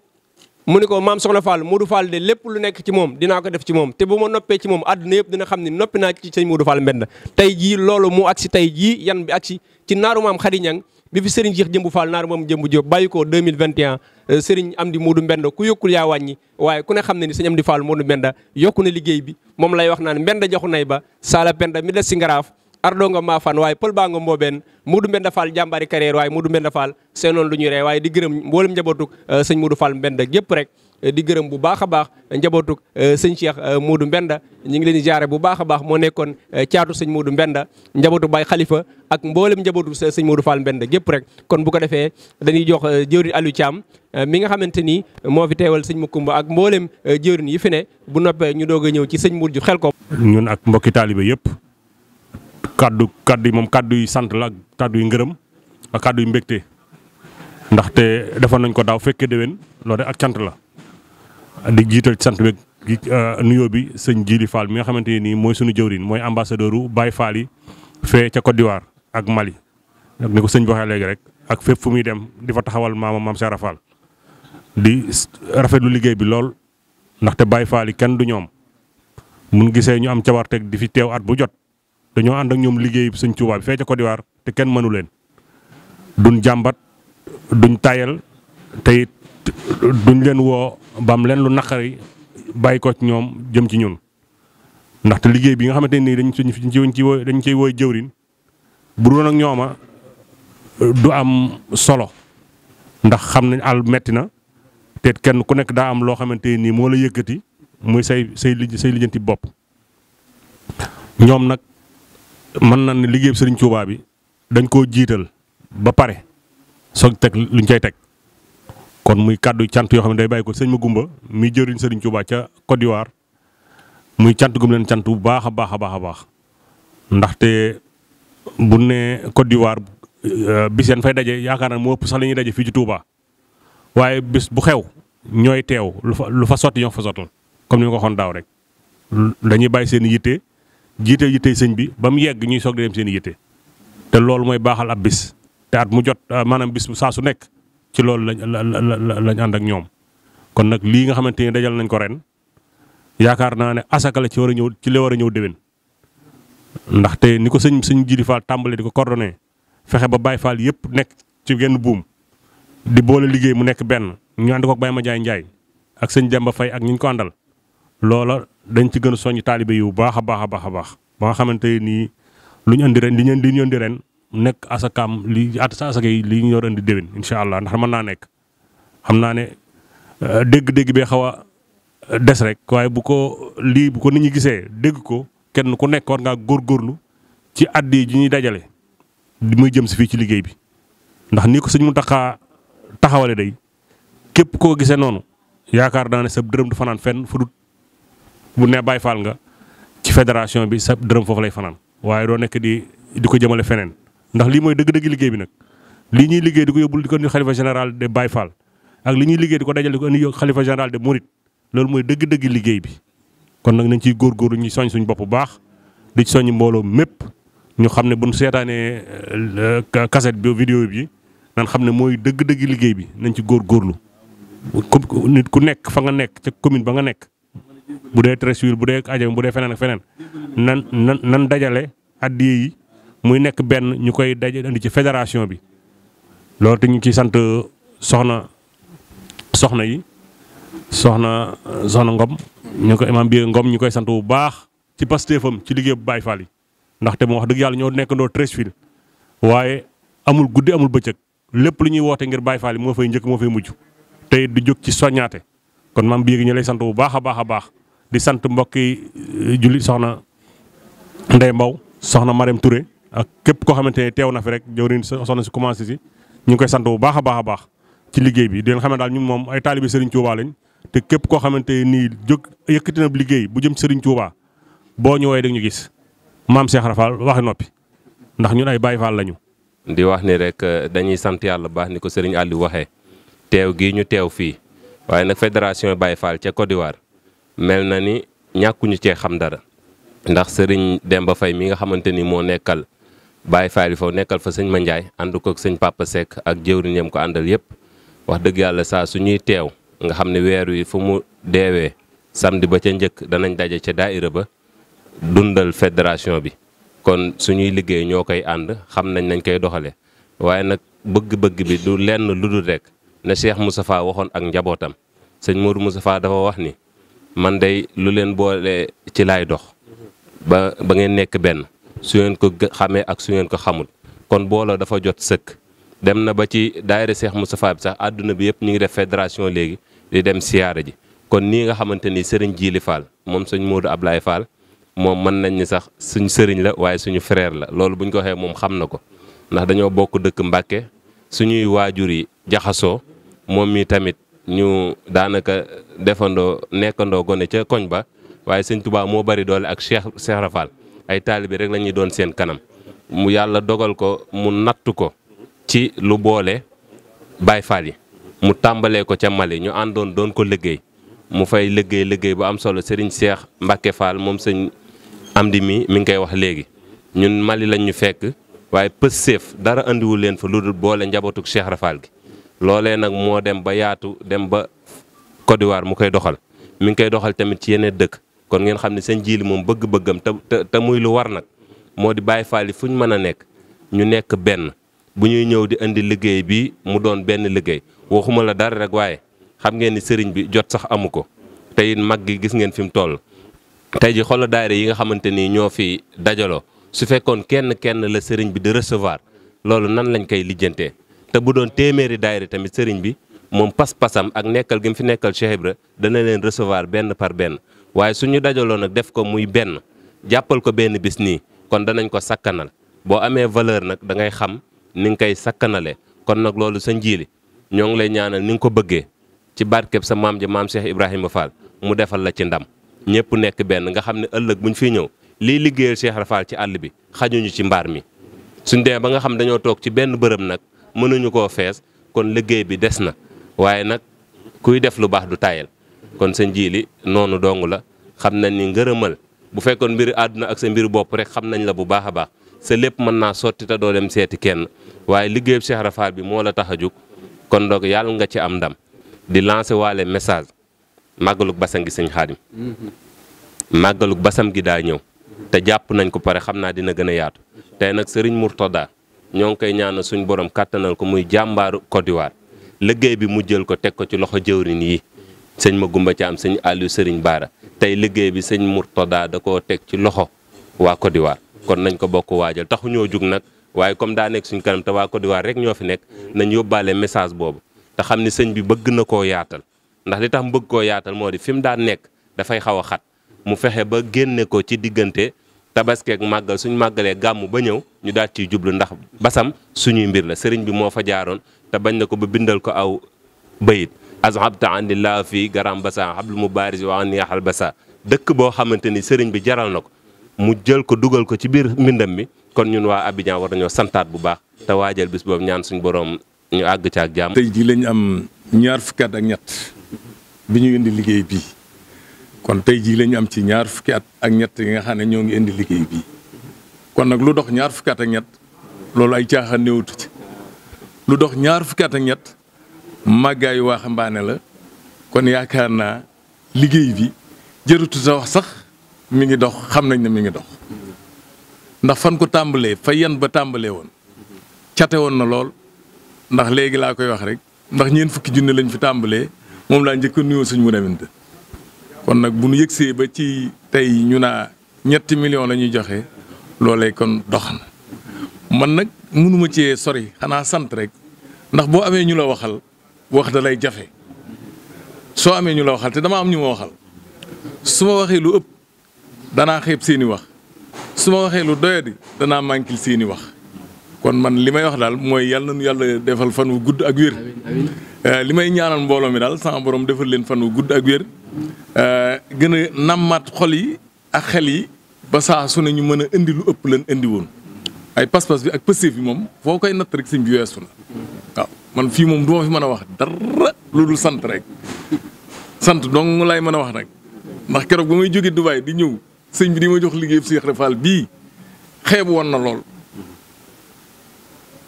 mu ni ko maam soxna Fall Modou Fall de lépp lu nekk ci moom dina ko def ci moom te bu ma noppee ci moom àdduna yëpp dina xam ne noppi naa ci sëñ Modou Fall Mbenda tey jii loolu mu agsi tey jii yan bi agsi ci naaru maam Khady Niang bi fi Serigne Cheikh Jëmbu Fall naaru maam jëmb Diop bàyyi ko 2021 euh, Serigne Amdi Modou Mbenda ku yokkul yaa wàññi waaye ku ne xam ne ni sëñ Amdi Fall Modou Mbenda yokku na liggéey bi moom lay wax naan Mbenda joxu nay ba Sala Penda mi des si ngaraaf arɗongo ma fan waawi polbaango mboɓen muɗum mbenda fall jambari carriére waawi muɗum mbenda fall se noon lu ñuy ree waaye di gërëm mboolem njabootuk euh, sëñ mudu fall mbenda gépp rek euh, di gërëm bu baax a baax njabootuk euh, sëñ cheikh mudu mbenda ñu ngi leen di jaare bu baax a baax moo nekkoon caatu sëñ mudu mbenda njabootu xalifa ak mboolem njabootu sëñ mudu fall mbenda gépp rek kon bu ko defee dañuy jox jëwriñ Aliou Thiam mi nga xamante ni moo fi teewal sëñ Makumba ak mbooleem jëwriñ yi fi ne bu noppee ñu doog a ñëw ci sëñ mudu xel ko ñun ak mbokki taalibe yëpp kaddu kaddu yi moom kaddu yu sant la ak kaddu yu ngërëm ak kaddu yu mbégte ndaxte defoon nañ ko daaw fekkee déwén loolu ak cant la di jiital sant beeg euh, nuyoo bi sëñ Jili Fall mi nga xamante ne nii mooy sunu jëwriñ mooy ambassadeur u Baye Fall yi fee ca Côte ak Mali ni ko sëñ bi waxee léegi rek ak fépp fu muy dem di fa taxawal maama maam Cheikh Fall di rafetlu liggéey bi lool ndaxte Baye Fall yi kenn du ñoom mun gisee ñu am cawarteeg di fi teew at bu jot. dañoo ànd ak ñoom liggéey bi Sëñ Tuubaa bi fee ca Côte te kenn mënu leen duñ jàmbat duñ tayal te duñ leen woo bam leen lu naqari bàyyi ko ci ñoom jëm ci ñun ndaxte liggéey bi nga xamante nii dañ suñ ci woo dañ ciy wooy jëwrin bu doon ak ñooma du am solo ndax xam nañ àll metti na te kenn ku nekk daa am loo xamante nii moo la yëkkati muy say say say lijjanti bopp ñoom nag man na ne liggéey sëriñ Tuubaa bi dañ koo jiital ba pare soog teg luñ cay teg kon muy kàddu cant yoo xam ne day bàyyi ko sëñ ma gumba muy jëriñ sëriñ Tuubaa ca Côte d'Ivoire muy cant gum leen cant bu baax a baax a baax a baax ndaxte bu ne Côte d'Ivoire euh, bis yeen fay daje yaakaar naa moo ëpp sax lañuy ñuy daje fii ci Touba waaye bis bu xew ñooy teew lu fa lu fa sotti ñoo fa sottal comme ni ma ko waxoon rek dañuy bàyyi seen yitte jiite yittey sëñ bi ba mu yegg ñuy soog di dem seen i yitte te loolu mooy baaxal ab bis te at mu jot euh, maanaam bis bu saa su nekk ci loolu lañ lañ ànd ak ñoom kon nag lii nga xamante ni dajal nañ ko ren yaakaar naa ne asaka la ci war a ñëw ci la war a ñëw déwén ndaxte ni ko sëñ sëñ Jili Fall tàmbalee di ko coordonné fexe ba Baye Fall yëpp nekk ci genn buum di boole liggéey mu nekk benn ñu ànd ko ak Baye Madiaye Ndiaye ak sëñ Demba fay ak ñu ko àndal loola dañ ci gën a soññ taalibe bu baax a baax a baax a baax ba nga xamante nii lu ñu andi ren li ñu li ñu andi ren nekk asakaam li at sa asaka yi li ñu yor andi déwén incha allah ndax mën naa nekk xam naa ne euh, dégg-dégg bee xaw a des rek waaye bu ko lii bu ko nit ñi gisee dégg ko kenn ku nekk war ngaa góorlu ci addi ji ñuy dajale muy jëm si fii ci liggéey bi ndax nii ko sëñ Mountakha taxawale day képp koo gisee noonu yaakaar naa ne sa dërëm du fanaan fenn fu bu ne Baye Fall nga ci fédération bi sa dërëm foofu lay fanaan waaye doo nekk di di ko jëmale feneen ndax lii mooy dëgg-dëgg liggéey bi nag lii ñuy liggéey di ko yóbbul di ko nuyu xalifa général de Baye Fall ak li ñuy ko dajal di ko nuyu xalifa général de Mouride loolu mooy dëgg-dëgg liggéey kon nag nañ góor góorgóorlu ñu soñ suñ bopp bu baax di ci soññ mbooloo mépp ñu xam ne bu ñu seetaanee euh, euh, cassette bi vidéo bi nan xam ne mooy dëgg-dëgg liggéey bi nañ ci góorgóorlu nit ku nekk fa nga nekk ca commune ba nga nekk bu dee Treichville bu dee Adiame bu dee feneen ak feneen nan nan nan dajale addiya yi muy nekk benn ñu koy daj andi ci fédération bi loolu te ñu ci sant soxna soxna yi soxna soxna Ngom ñu ko imaam bi Ngom ñu koy sant bu baax ci pastéefam ci liggéey bu Baay Faal yi ndaxte moo wax dëgg yàlla ñoo nekkandoo Treichville waaye amul guddi amul bëccëg lépp lu ñuy woote ngir Baay Faal yi moo fay njëkk moo fay mujj tey di jóg ci soññaate kon maam biir ñu lay sant bu baax a baax baax di sant mbokki euh, julli soxna Ndey Mbaw soxna Marème ture ak képp koo xamante ne teew na fi rek jëwriñ soxna si commencé si ñu ngi sant bu baax baax a baax ci liggéey bi di leen xam ne moom ay taalibi Serigne Touba te képp koo xamante nii jóg yëkkatina bu liggéey bu jëm Serigne Touba boo ñëwee da ñu gis maam Cheikh Rafal waxi noppi ndax ñun ay baay Fall lañu. di wax ni rek euh, dañuy sant yàlla baax ni ko Serigne Aliou waxee teew gii ñu teew fii. waaye nag fédération Baye Fall ca Côte mel na ni ñàkkuñu cee xam dara ndax sëriñ dem ba Faye mi nga xamante ni moo nekkal Baye Fall yi foofu nekkal fa sëñ ma Mandiaye ànd ko ak sëñ Papa Seck ak jëwriñam ko àndal yëpp wax dëgg yàlla saa su ñuy teew nga xam ne weer wi fu mu deewee samedi ba ca njëkk danañ daje ca daaira ba dundal fédération bi kon suñuy liggéey ñoo koy ànd xam nañ nañ koy doxale waaye nag bëgg-bëgg bi du lenn lu dul rekk na Cheikh Moustapha waxoon ak njabootam sëñ Modou Moustapha dafa wax ni man dey lu leen boole ci laay dox ba ba ngeen nekk benn su ngeen ko xamee ak su ngeen ko xamul kon booloo dafa jot sëkk dem na ba ci daayira Cheikh Moustapha bi sax àdduna bi yëpp ñu ngi def fédération léegi di dem siyaara ji kon nii nga xamante ni sëriñ Jili Fall moom sëñ Modou Ablaye Fall moom mën nañ ni sax suñ sëriñ la waaye suñu frère la loolu buñ ko waxee moom xam na ko ndax dañoo bokk dëkk Mbàkke suñuy waajur yi jaxasoo moom mii tamit ñu daanaka defandoo nekkandoo gone ca koñ ba waaye sëñ Touba moo bari doole ak Cheikh Cheikh Rafal ay taalibe rek la ñuy doon seen kanam mu yàlla dogal ko mu natt ko ci lu boole Baay Faal yi mu tàmbalee ko ca Mali ñu àndoon doon ko liggéey mu fay liggéey liggéey bu am solo Serigne Cheikh Mbacke Fall moom sëñ Amdi mi mi ngi koy wax léegi ñun Mali lañ ñu fekk waaye pës seef dara andiwul leen fa lu dul boole njabootuk Cheikh Rafal gi loolee nag moo dem ba yaatu dem ba Côte d'Ivoire mu koy doxal mi ngi koy doxal tamit ci yeneen dëkk kon ngeen xam ne seen jiili moom bëgg-bëggam te te muy lu war nag moo di bàyyi faal yi fu ñu mën a nekk ñu nekk benn bu ñuy ñëw di indi liggéey bi mu doon benn liggéey waxuma la dara rek waaye xam ngeen ni sëriñ bi jot sax amu ko te it mag gi gis ngeen fi mu toll. tey ji xoolal daayira yi nga xamante nii ñoo fi dajaloo su fekkoon kenn kenn la sëriñ bi di recevoir loolu nan lañ koy lijjantee. te bu doon téeméeri daayira tamit sëriñ bi moom pas-pasam ak nekkal gi mu fi nekkal Cheikh Ibra dana leen recevoir benn par benn waaye suñu dajaloon nag def ko muy benn jàppal ko benn bis nii kon danañ ko sakkanal boo amee valeur nag da ngay xam ni nga koy sakkanalee kon nag loolu sa njiili ñoo ngi lay ñaanal ni nga ko bëggee ci barkeb sa maam ja maam Cheikh Ibrahima Fall mu defal la ci ndam ñëpp nekk benn nga xam ne ëllëg buñ fi ñëw lii liggéeyal Cheikh Ibra ci àll bi xajuñu ci mbaar mi suñ demee ba nga xam dañoo toog ci benn bërëb nag mënuñu koo fees kon liggéey bi des na waaye nag kuy def lu baax du tayel kon sa njiili noonu dong la xam nañ ni ngërëmal bu fekkoon mbir àdduna ak sa mbir bopp rek xam nañ la bu baax a baax sa lépp mën naa sotti te doo dem seeti kenn waaye liggéeyub Cheikh Rafaal bi moo la tax a jóg kon donc yàlla nga ci am ndam di lancer waale message màggalug basam gi sëñ Xaadim mm-hmm. màggalug basam gi daa ñëw te jàpp nañ ko pare xam naa dina gën a yaatu tey nag sëriñ Mourtada ñoo ngi koy ñaanal suñu borom kàttanal ko muy jàmbaaru Côte liggéey bi mu jël ko teg ko ci loxo jëwrin yi sëñ ma Magoumba Thiam sëñ Aliou Serigne baara tey liggéey bi sëñ Mourtada da koo teg ci loxo waa Côte kon nañ ko bokk waajal taxu ñoo jug nag waaye comme daa nekk suñ kanam te waa Côte d'Ivoire rek ñoo fi nekk nañ yóbbaale message boobu te xam ni sëñ bi bëgg na koo yaatal ndax li tax mu bëgg koo yaatal moo di fi mu daan nekk dafay xaw a xat mu fexe ba génne ko ci diggante tabaski ak màggal suñu màggalee gàmm ba ñëw ñu daal ciy jublu ndax basam suñuy mbir la sëriñ bi moo fa jaaroon te bañ na ko ba bindal ko aw bayit azhabta andillah fii garam basa hablu mubaris wa an yaxal basa dëkk boo xamante ni sëriñ bi jaral na ko mu jël ko dugal ko ci biir mbindam mi kon ñun waa Abidjan war nañoo santaat bu baax te waajal bis boobu ñaan suñu boroom ñu àgg ci ak jàmm. tey jii lañ am ñaar fukki at ak ñett bi ñu indi liggéey bii. kon tey jii lañu am ci ñaar fukki at ak ñett yi nga xam ne ñoo ngi indi liggéey bii kon nag lu dox ñaar fukki at ak ñett loolu ay caaxaan néewatu ci lu dox ñaar fukki at ak ñett màggaayu waaxambaane la kon yaakaar naa liggéey bi jërutu sa wax sax mi ngi dox xam nañ ne mi ngi dox ndax fan ko tàmbalee fa yan ba tàmbalee woon cate woon na lool ndax léegi laa koy wax rek ndax ñeen fukki junne lañu fi tàmbalee moom laa njëkk a nuyoo suñ mu deminte kon nag bu nu yëgsee ba ci tey ñu naa ñetti million lañuy joxe loole kon dox na man nag mënuma cee sori xanaa sant rek ndax boo amee ñu la waxal wax dalay jafe soo amee ñu la waxal te dama am ñu ma waxal su ma waxee lu ëpp danaa xeeb seeni wax su ma waxee lu doyadi danaa mànkil seeni wax kon man li may wax daal mooy yàlla nañu yàlla defal fan wu gudd ak wér eh, li may ñaanal mbooloo mi daal sama borom defal leen fan wu gudd ak wér Euh, gën a nammaat xol yi ak xel yi ba saa su ñu mën a indi lu ëpp leen indi woon ay pas-pas bi ak pëstéef bi moom foo koy natt rek sëñ bi weesu na waaw man fii moom du fi mën a wax dara lu dul sant rek sant dong lay mën a wax rek ndax keroog ba may jóge Dubaay di ñëw sëñ bi di ma jox liggéey Cheikh Ibra Fall bii xeebu woon na lool.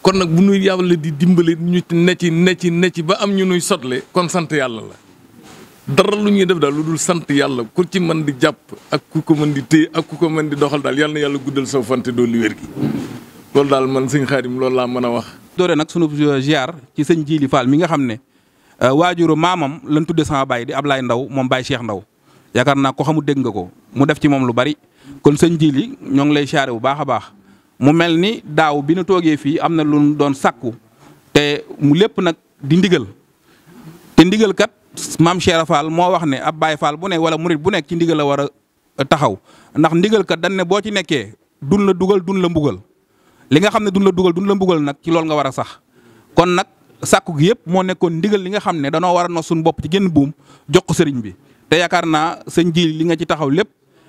kon nag bu nuy yàlla di dimbale ñu ne ci ne ci ne ci ba am ñu nuy sotle kon sant yàlla la. dara lu ñuy def daal lu dul sant yàlla ku ci mën di jàpp ak ku ko mën di ak ku ko di doxal daal yal na yàlla guddal soo fante doo li wér gi loolu daal man sëñ Xaadim loolu laa mën a wax. doore nag sunu euh, ziar ci sëñ jiili Fall mi nga xam ne euh, waajuru maamam lan tudde sama baay di Ablaye Ndaw moom Baye Cheikh Ndaw yaakaar naa ko xamu dégg nga ko mu def ci moom lu bari kon sëñ Jili ñoo ngi lay ziare bu baax a baax mu mel ni daaw bi nu toogee fii am na lu doon sakku te mu lépp nag di ndigal ndigal kat mam Cheikh Fall moo wax ne ab Baye Fall bu ne wala murit bu nekk ci ndigal la war a taxaw ndax ndigal kat dan ne boo ci nekkee dun la dugal dun la mbugal li nga xam ne dun la dugal dun la mbugal nag ci loolu nga war a sax kon nag sàkku gi yëpp moo nekkoon ndigal li nga xam ne danoo war a nos suñu bopp ci génn buum jox ko sëriñ bi te yaakaar naa sëñ ji li nga ci taxaw lépp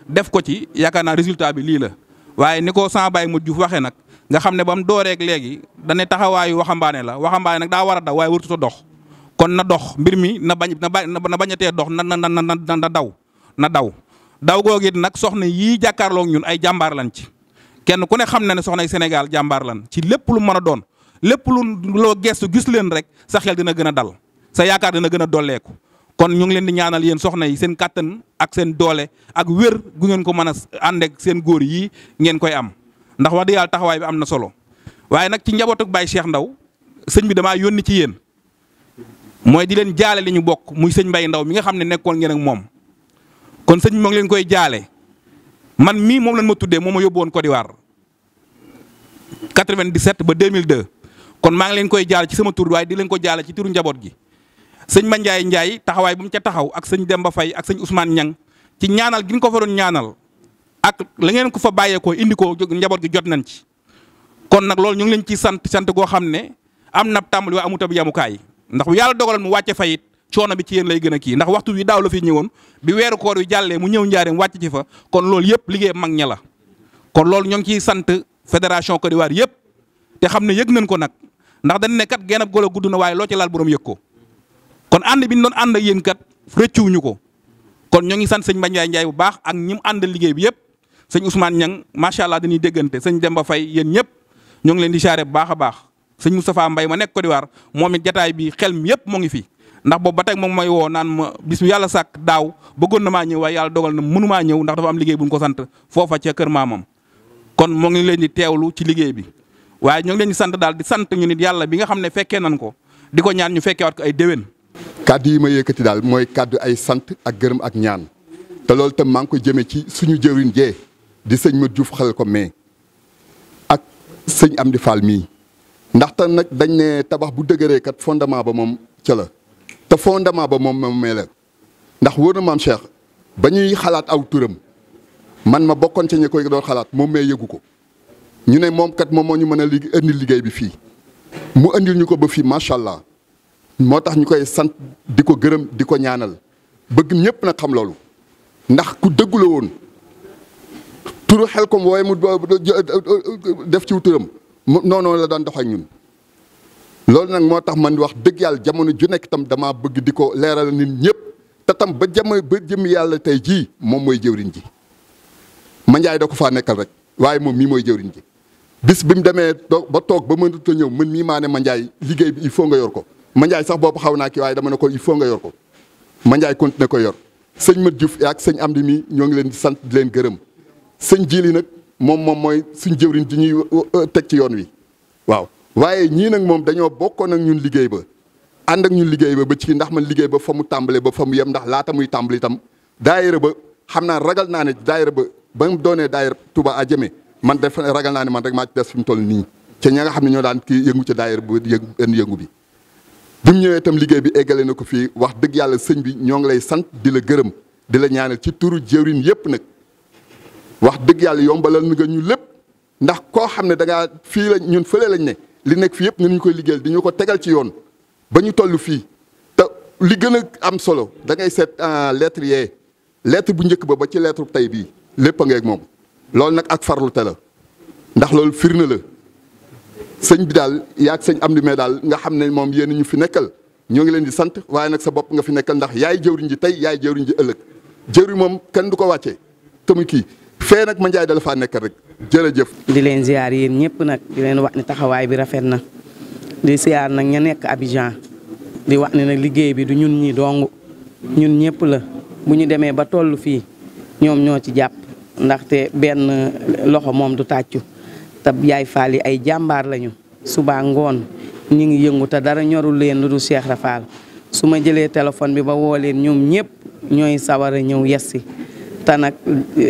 def ko ci yaakaar naa résultat bi lii la waaye ni ko sama baay mu juuf waxee nag nga xam ne ba mu dooreeg léegi dañ ne taxawaayu waxambaane la waxambaane nag daa war a daw waaye wërtu dox kon na dox mbir mi na bañ na bañ a tee dox na na na na daw na daw daw googu it nag soxna yii jàkkaarloog ñun ay jàmbaar lañ ci kenn ku ne xam na ne soxna Sénégal jàmbaar lan ci lépp lu mën a doon lépp lu loo gestu gis leen rek sa xel dina gën a dal sa yaakaar dina gën a dolleeku kon ñu ngi leen di ñaanal yéen soxna yi seen kàttan ak seen doole ak wér gu ngeen ko mën a ànd seen góor yi ngeen koy am ndax wax dëgg taxawaay bi am na solo waaye nag ci njabootu Baye Cheikh Ndaw sëñ bi damaa yónni ci yéen mooy di leen jaale li ñu bokk muy sëñ mbay Ndaw mi nga xam ne nekkoon ngeen moom kon sëñ bi ngi leen koy jaale man mii moom lañ ma tuddee moom ma yóbbu woon Côte d'Ivoire 97 ba 2002 kon maa ngi leen koy jaale ci sama tur waaye di leen ko jaale ci turu njaboot gi sëñ ma Ndiaye Ndiaye taxawaay bu mu ca taxaw ak sëñ Demba fay ak sëñ Ousmane Niang ci ñaanal gi ñu ko fa doon ñaanal ak la ngeen ko fa bàyyeekoo indi ko njaboot gi jot nañ ci kon nag loolu ñu ngi leen ciy sant sant goo xam ne am na tàmbali waa amutab yamukaay ndax bu yàlla dogaloon mu wàcce fayit coono bi ci yéen lay gën a kii ndax waxtu wi daaw la fi ñëwoon bi weeru koor wi jàllee mu ñëw njaareem wàcc fa kon loolu yëpp liggéey mag ña la kon loolu ñoo ngi ciy sant fédération Côte waar yëpp te xam ne yëg nañ ko nag ndax dañ ne kat genn ab golo gudd na waaye loo ci laal borom yëg ko kon ànd bi ñu doon ànd ak yéen kat rëccuwuñu ko kon ñoo ngi sant sëñ Mbaye Ndiaye bu baax ak ñi mu ànd liggéey bi yëpp sëñ Ousmane Niang macha allah dañuy déggante sëñ Demba Faye yéen ñëpp ñoo ngi leen di xaare bu baax a baax sëñ mu Moustapha mbay ma nekk Côte d'Ivoire moom it jataay bi xel mi yëpp mu ngi fi ndax boobu ba tey moom mooy woo naan ma bis yàlla sàkk daaw bëggoon na maa ñëw waaye yàlla dogal na mënumaa ñëw ndax dafa am liggéey bu ñu ko sant foofa ca kër maamam kon moo ngi leen di teewlu ci liggéey bi waaye ñoo ngi leen di sant daal di sant ñu nit yàlla bi nga xam ne fekkee nan ko di ko ñaan ñu fekkeewaat ko ay déwén kaddu yi ma yëkkati daal mooy kaddu ay sant ak gërëm ak ñaan te loolu itam maa ngi ko jëmee ci suñu jëwriñ jee di sëñ ma Diouf ko mais ak sëñ Amdi Fall mii ndaxta nag dañ ne tabax bu dëgëree kat fondement ba moom ca la te fondement ba moom moom mee la ndax wóor na maam Cheikh ba ñuy xalaat aw turam man ma bokkoon ca ñi koy doon xalaat moom mee yëgu ko ñu ne moom kat moom moo ñu mën a lig indil liggéey bi fii mu indi ñu ko ba fii macha allah moo tax ñu koy sant di ko gërëm di ko ñaanal bëgg ñëpp nag xam loolu ndax ku dëggu la woon turu xel kom wooye mu def ci turam. noonu la daan doxal ñun loolu nag moo tax man wax dëgg yàlla jamono ju nekk tam damaa bëgg di ko leeral nit ñëpp te tam ba jamono ba jëm yàlla tey jii moom mooy jëwriñ ji Mandiaye da ko faa nekkal rek waaye moom mii mooy jëwriñ ji bis bi mu demee ba toog ba mënut a ñëw mën mii maa ne Mandiaye liggéey bi il faut nga yor ko Mandiaye sax boobu xaw naa ki waaye dama ne ko il faut nga yor ko Mandiaye continué ko yor sëñ Mat Diouf ak sëñ am Amdi mii ñoo ngi leen di sant di leen gërëm sëñ Jili nag. moom moom mooy suñ jëwriñ ji ñuy euh, teg ci yoon wi waaw waaye ñii nag moom dañoo bokkoon ak ñun liggéey ba ànd ak ñun liggéey ba ba ci ndax man liggéey ba fa mu tàmbale ba fa yem ndax laata muy tàmbali itam daayira ba xam naa ragal naa ne daayira ba ba mu doonee tubaa a Adjamé man def ragal naa ne man rek maa ci des fi mu toll nii ca ña nga xam ne ñoo daan kii yëngu ci daayira bu yëngu yëngu bi bi mu ñëwee tam liggéey bi eggale na ko fii wax dëgg yàlla sëñ bi ñoo ngi lay sant di la gërëm di la ñaanal ci turu jëwriñ yépp nag wax dëgg yàlla yombalal nga ñu lépp ndax koo xam ne da fii la ñun fële lañ ne li nekk fii yëpp nga ñu koy liggéeyal dañu ko tegal ci yoon ba ñu toll fii te li gën a am solo da ngay seet lettre yee lettre bu njëkk ba ba ci lettre tey bii lépp a ngeeg moom loolu nag ak farlu te la ndax loolu firnde la sëñ bi daal yaag sëñ am di mee daal nga xam ne moom yéen ñu fi nekkal ñoo ngi leen di sant waaye nag sa bopp nga fi nekkal ndax yaay jëwriñ ji tey yaay jëwriñ ji ëllëg jëwriñ moom kenn du ko wàccee te muy fee nag ma Ndiaye dala faa nekk rek jërëjëf. di leen ziar yéen ñëpp nag di leen wax ni taxawaay bi rafet na di ziar nag ña nekk Abidjan di wax ni nag liggéey bi du ñun ñi dong ñun ñëpp la bu ñu demee ba toll fii ñoom ñoo ci jàpp ndaxte benn loxo moom du tàccu te yaay faal yi ay jàmbaar lañu subaa ngoon ñu ngi yëngu dara ñorul leen lu dul Cheikh Rafaal su ma jëlee téléphone bi ba woo leen ñoom ñëpp ñooy sawar a ñëw yes si te euh, nag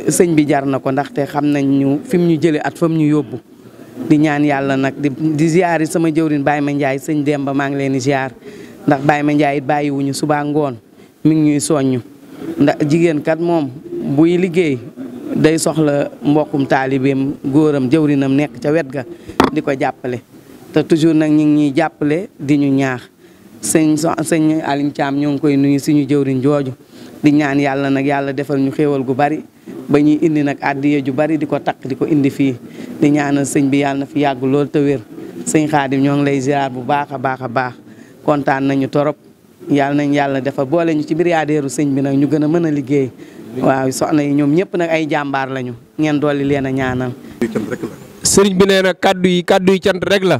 sëñ bi jar na ko ndaxte xam nañ ñu fi mu ñu jëlee at fa mu ñu yóbbu di ñaan yàlla nag di di ziar sama jëwrin Baye ma Ndiaye sëñ Demba maa ngi leen di ziar ndax Baye ma Ndiaye it bàyyiwuñu subaa ngoon mi ngi ñuy soññu ndax jigéen kat moom buy liggéey day soxla mbokkum taalibeem góoram jëwrinam nekk ca wet ga di ko jàppale te toujours nag ñu ngi ñuy jàppale di ñu ñaax sëñ sëñ Alim Thiam ñoo ngi koy nuyu suñu jëwrin jooju di ñaan yàlla nag yàlla defal ñu xéewal gu bari ba ñuy indi nag àdd ju bari di ko takk di ko indi fii di ñaanal sëñ bi yàlla na fi yàgg lool te wér sëñ xaadim ñoo ngi lay ziar bu baax a baax a baax kontaan nañu torop yàlla nañ yàlla defal boole ñu ci biir yaadeeru sëñ bi nag ñu gën a mën a liggéey waaw soxna yi ñoom ñëpp nag ay jàmbaar lañu ngeen dolli leen a ñaanal. sëriñ bi nee na kàddu yi kàddu yi cant rek la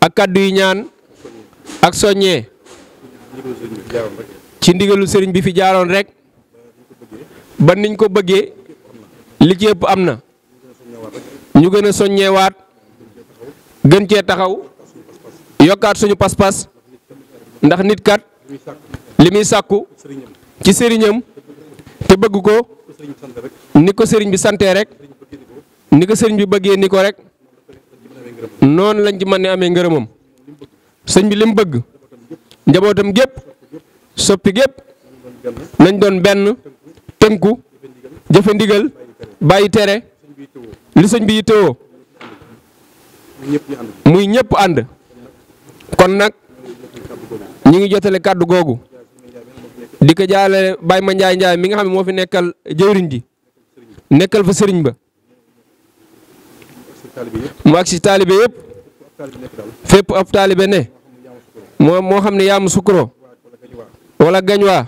ak kàddu yi ñaan ak soññee. ci ndigalu sëriñ bi fi jaaroon rek ba niñ ko bëggee li ci ëpp am na ñu gën a soññeewaat gën cee taxaw yokkaat suñu pas-pas ndax nit kat li muy sàkku ci sëriñam te bëgg ko ni ko sëriñ bi santee rek ni ko sëriñ bi bëggee ni ko rek noonu lañ ci mën ne amee ngërëmam sëñ bi lim bëgg njabootam gépp soppi gépp nañ doon benn tënku jëfe ndigal bàyyi tere li sëñ bi yittewoo muy ñëpp ànd kon nag ñu ngi jotale kàddu googu di ko jaale Baye ma Njaay Njaay mi nga xam ne moo fi nekkal jëwriñ ji nekkal fa sëriñ ba mu ak si taalibe yëpp ab taalibe ne moo xam ne yaa mu sukkuro wala Gañwaa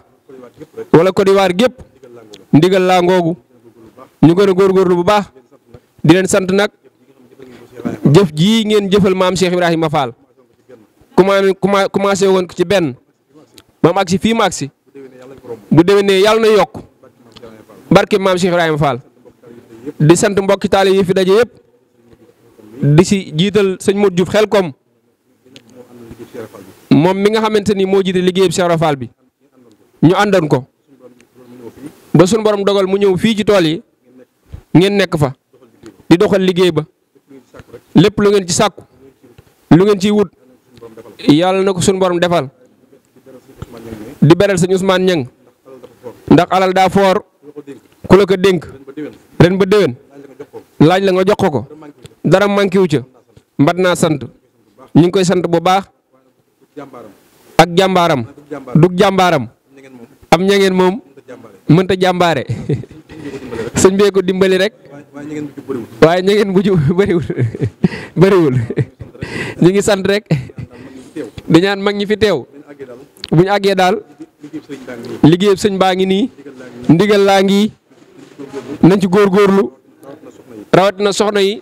wala Côte d'Ivoire gépp ndigal laa ngoogu ñu gën a góorgóorlu bu baax di leen sant nag jëf jii ngeen jëfal maam Cheikh Ibrahima Fall comment commencé woon ko ci benn maam agsi fii ma agsi bu déwénee yàlla na yokk barke maam Cheikh Ibrahima Fall di sant mbokki taalibe yi fi yëpp di si jiital sëñ Modou Diouf xel kom moom mi nga xamante ni moo jiite liggéeyub Cheikh Ibra Fall bi ñu àndan ko ba suñu borom dogal mu ñëw fii ci tool yi ngeen nekk fa di doxal liggéey ba lépp lu ngeen ci sàkku lu ngeen ciy wut yàlla na ko suñu borom defal di beral sëñ Ousmane Niang ndax alal daa foor ku la ko dénk ren ba déwén laaj la nga jox ko ko dara manqué wu ca mbat naa sant ñu ngi koy sant bu baax ak jàmbaaram dug jàmbaaram am ñangeen moom mënta jàmbaare sëñ bee ko dimbali rek waaye ñangeen bu ju bëriwul ñu ngi sant rek dañaan mag ñi fi teew bu ñu àggee daal liggéeyub sëñ baa ngi nii ndigal laa ngi nañ ci góorgóorlu rawatina soxna yi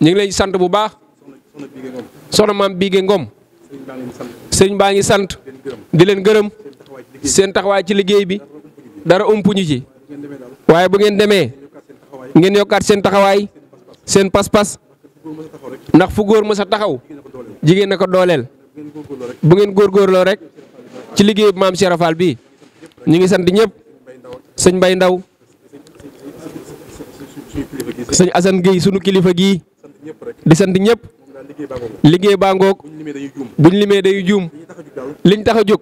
ñu ngi leen sant bu baax soxna maam biige ngom sëñ baa ngi sant di leen gërëm seen taxawaay ci liggéey bi dara umpuñu ci waaye bu ngeen demee ngeen yokkaat seen taxawaay seen pas-pas ndax fu góor mës a taxaw jigéen na ko dooleel bu ngeen góorloo rek ci liggéey bi maam Cheikh bi ñu ngi sant ñëpp sëñ Mbay Ndaw sëñ Assane Gueye sunu kilifa gii di sant ñëpp. liggéey baa ngoog buñ limee day juum liñ tax a jóg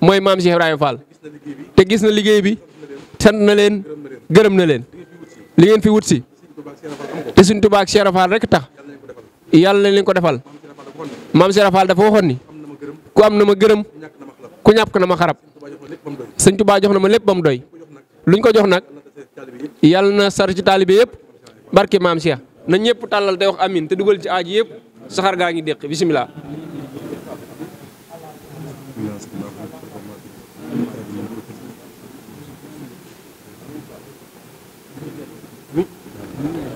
mooy maam Cheikh Ibrahima Fall te gis na liggéey bi sant na leen gërëm na leen li ngeen fi wut si te suñ Tuubaa ak Cheikh Ibra rek tax yàlla na leen ko defal maam Cheikh Ibra Fall dafa waxoon ni ku am na ma gërëm ku ñàpp na ma xarab sëñ Tuubaa jox na ma lépp ba mu doy luñ ko jox nag yàlla na sar ci taalibe yëpp barke maam Cheikh na ñëpp tàllal te wax amin te dugal ci aaj yëpp. saxaar gaa ngi déq bisimilah. Oui.